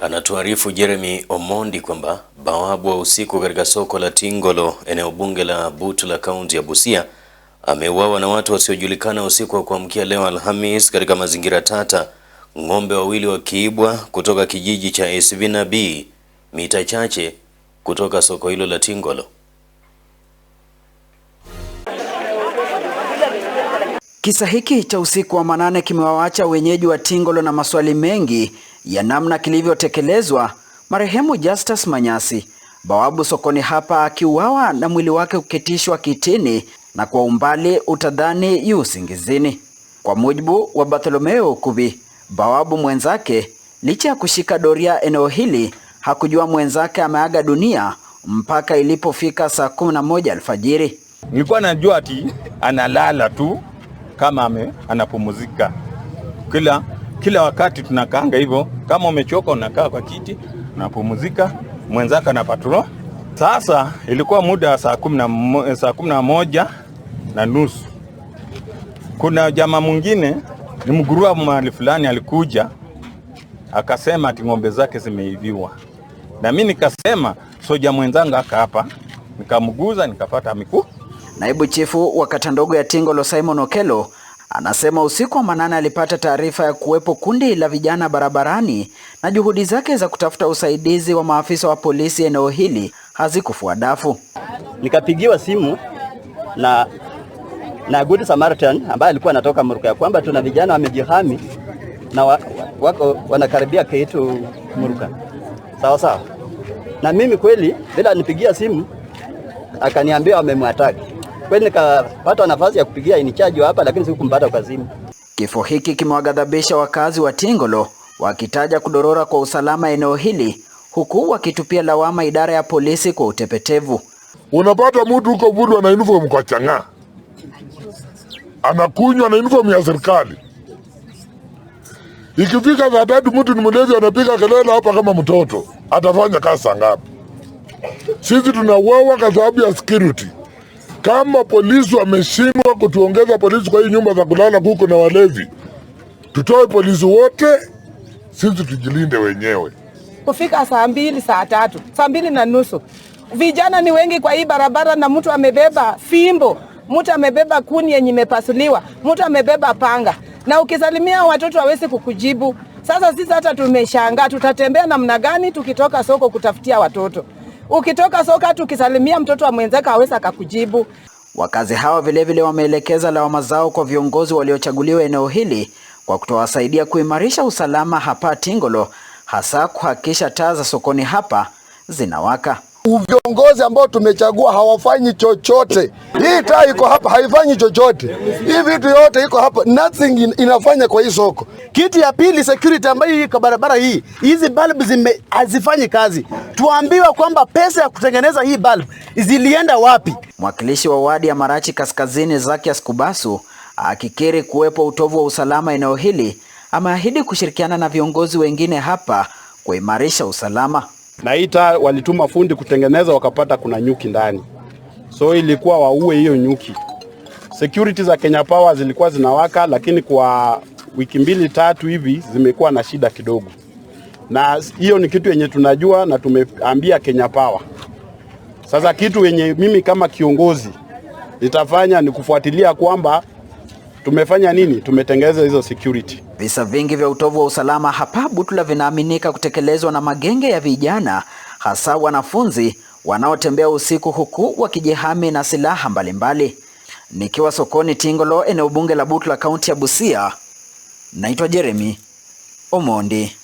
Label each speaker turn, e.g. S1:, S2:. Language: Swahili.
S1: Anatuarifu Jeremy Omondi kwamba bawabu wa usiku katika soko la Tingolo, eneo bunge la butu la kaunti ya Busia, ameuawa na watu wasiojulikana usiku wa kuamkia leo Alhamis katika mazingira tata, ng'ombe wawili wakiibwa kutoka kijiji cha Esvina B mita chache kutoka soko hilo la Tingolo.
S2: Kisa hiki cha usiku wa manane kimewaacha wenyeji wa Tingolo na maswali mengi ya namna kilivyotekelezwa marehemu Justus Manyasi, bawabu sokoni hapa akiuawa na mwili wake kuketishwa kitini na kwa umbali utadhani yu usingizini. Kwa mujibu wa Bartholomeo Kubi, bawabu mwenzake, licha ya kushika doria eneo hili, hakujua mwenzake ameaga dunia mpaka ilipofika saa kumi na moja alfajiri.
S3: Nilikuwa najua ati analala tu kama ame, anapumzika kila kila wakati tunakaanga hivyo, kama umechoka unakaa kwa kiti unapumzika, mwenzako na patrol. Sasa ilikuwa muda wa saa kumi na moja na nusu. Kuna jamaa mwingine ni mgurua mahali fulani alikuja akasema ati ng'ombe zake zimeiviwa, na mimi nikasema soja mwenzangu aka hapa, nikamguza nikapata mikuu.
S2: Naibu chifu wa kata ndogo ya Tingolo Simon Okelo Anasema usiku wa manane alipata taarifa ya kuwepo kundi la vijana barabarani na juhudi zake za kutafuta usaidizi wa maafisa wa polisi eneo hili hazikufua dafu.
S4: Nikapigiwa simu na, na Good Samaritan ambaye alikuwa anatoka Muruka ya kwamba tuna vijana wamejihami na wa, wako wanakaribia keitu Muruka, sawa sawa. Na mimi kweli bila nipigia simu akaniambia wamemwataki kweli nikapata nafasi ya kupigia inichaji hapa, lakini sikumpata kazini.
S2: Kifo hiki kimewagadhabisha wakazi wa Tingolo wakitaja kudorora kwa usalama eneo hili, huku wakitupia lawama idara ya polisi kwa utepetevu.
S5: Unapata mtu huko vudu ana uniform kwa chang'aa, anakunywa na uniform ya serikali. Ikifika saa tatu mtu ni mlezi, anapiga kelele hapa kama mtoto. Atafanya kazi saa ngapi? Sisi tunauawa kwa sababu ya security. Kama polisi wameshindwa kutuongeza polisi kwa hii nyumba za kulala kuko na walevi, tutoe polisi wote, sisi tujilinde wenyewe.
S6: Kufika saa mbili saa tatu saa mbili na nusu vijana ni wengi kwa hii barabara, na mtu amebeba fimbo, mtu amebeba kuni yenye imepasuliwa, mtu amebeba panga, na ukisalimia watoto hawezi kukujibu. Sasa sisi hata tumeshangaa tutatembea namna gani tukitoka soko kutafutia watoto. Ukitoka soka tu ukisalimia mtoto wa mwenzako hawezi akakujibu.
S2: Wakazi hawa vilevile wameelekeza lawama zao kwa viongozi waliochaguliwa eneo hili kwa kutowasaidia kuimarisha usalama hapa Tingolo, hasa kuhakikisha taa za sokoni hapa zinawaka
S7: viongozi ambao tumechagua hawafanyi chochote. Hii taa iko hapa haifanyi chochote, hii vitu yote iko hapa, nothing in, inafanya kwa hii soko.
S8: Kitu ya pili security ambayo iko barabara hii, hizi bulb zime hazifanyi kazi. Tuambiwa kwamba pesa ya kutengeneza hii bulb zilienda wapi?
S2: Mwakilishi wa wadi ya Marachi Kaskazini Zakias Kubasu akikiri kuwepo utovu wa usalama eneo hili, ameahidi kushirikiana na viongozi wengine hapa kuimarisha usalama
S9: naita walituma fundi kutengeneza, wakapata kuna nyuki ndani, so ilikuwa waue hiyo nyuki. Security za Kenya Power zilikuwa zinawaka, lakini kwa wiki mbili tatu hivi zimekuwa na shida kidogo, na hiyo ni kitu yenye tunajua na tumeambia Kenya Power. Sasa kitu yenye mimi kama kiongozi nitafanya ni kufuatilia kwamba Tumefanya nini? Tumetengeza hizo security.
S2: Visa vingi vya utovu wa usalama hapa Butula vinaaminika kutekelezwa na magenge ya vijana, hasa wanafunzi wanaotembea usiku huku wakijihami na silaha mbalimbali Nikiwa sokoni Tingolo, eneo bunge la Butula, kaunti ya Busia, naitwa Jeremy Omondi.